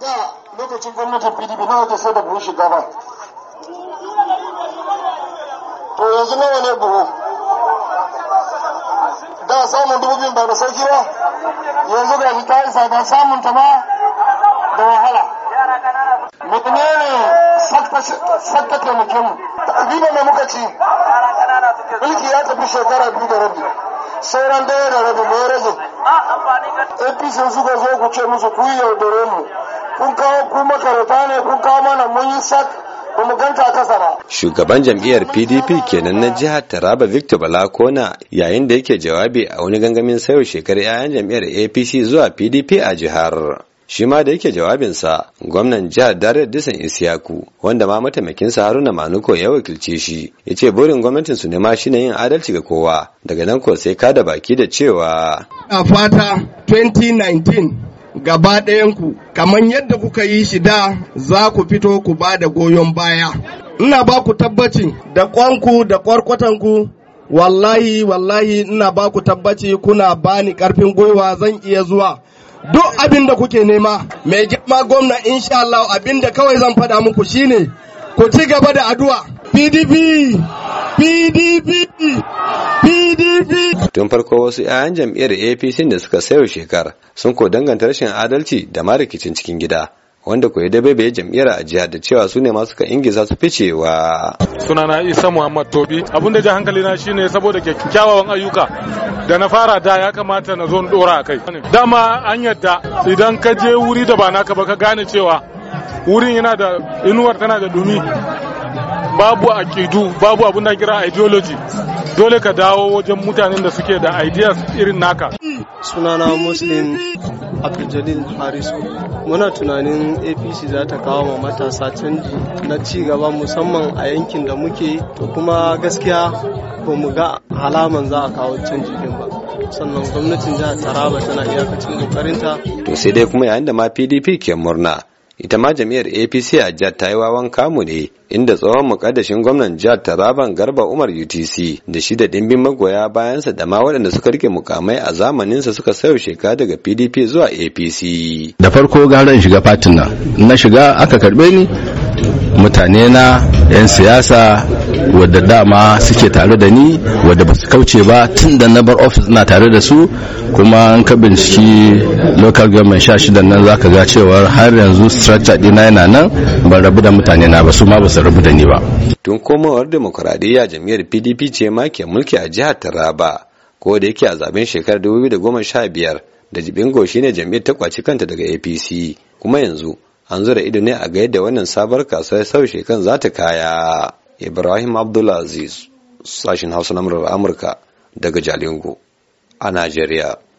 da lokacin gwamnatin pdp nawa ta sai da buhu shiga ba to yanzu nawa ne buhu da samun dubu biyu ba da sauki ba yanzu ga ta isa ba samun ta ma da wahala mutane ne sakta taimake mu riba mai muka ci mulki ya tafi shekara biyu da rabi sauran daya da rabi mai rage apc suka zo ku ce musu ku yi yaudare mu Shugaban jam'iyyar PDP kenan na jihar Taraba Victor Balakona yayin da yake jawabi a wani gangamin sayo shekarar 'ya'yan jam'iyyar APC zuwa PDP a jihar. shi ma da yake jawabinsa gwamnan jihar Dare Disan Isiyaku wanda ma mataimakinsa Haruna Manuko ya wakilce shi ya ce burin gwamnatin su ne ma shine yin adalci ga kowa daga nan ko sai ka da baki da cewa a fata 2019 gaba ɗayanku kamar yadda kuka yi shi da za ku fito ku ba da goyon baya ina ba ku tabbaci da ƙwanku da ƙwarƙwatanku wallahi wallahi ina ba ku tabbaci kuna ba ni ƙarfin gwiwa zan iya zuwa duk abin da kuke nema mai girma gwamna insha Allah abin da kawai zan faɗa muku shine ku ci gaba da addu'a PDP PDP PDP tun farko wasu 'ya'yan jam'iyyar apc da suka sayo shekar sun ko danganta rashin adalci da ma rikicin cikin gida wanda ko ya baibaye jam'iyyar a jihar da cewa su ne masu ka ingiza su ficewa sunana isa muhammad tobi abin da ji hankali na shine saboda kyakkyawan ayyuka da na fara da ya kamata na zo dora a kai dama an yadda idan ka je wuri da ba naka ba ka gane cewa wurin yana da inuwar tana da dumi babu akidu babu abin da kira ideology dole ka dawo wajen mutanen da suke da ideas irin naka sunana muslim abdul harisu muna tunanin apc za ta kawo ma matasa canji na ci gaba musamman a yankin da muke to kuma gaskiya ba mu ga halaman za a kawo canji din ba sannan gwamnatin jihar taraba tana iyakacin kokarinta to sai dai kuma yayin da ma pdp ke murna ita ma jami'ar apc a jihar ta yi wawan kamu ne inda tsohon mukaddashin gwamnan jihar taraban garba umar utc da shi da dimbin magoya bayansa da ma waɗanda suka rike mukamai a zamaninsa suka sayo sheka daga pdp zuwa apc da farko gara shiga fatin nan na shiga aka karbe ni mutane na 'yan siyasa wadda dama suke tare da ni wadda ba su kauce ba tun da na bar ofis na tare da su kuma an ka binciki local government sha shidan nan zaka ga cewa har yanzu structure dina yana nan ban rabu da mutane na ba su ma ba su rabu da ni ba tun komawar demokuraɗiyya jam'iyyar pdp ce ma ke mulki a jihar taraba ko da yake a zaben shekarar 2015 da jibingo shine jam'iyyar ta kwaci kanta daga apc kuma yanzu an zura ido ne a ga yadda wannan sabar kasuwar saushe kan za ta kaya Ibrahim Abdulaziz, sashin Hausa na Amurka daga Jalingo a Najeriya.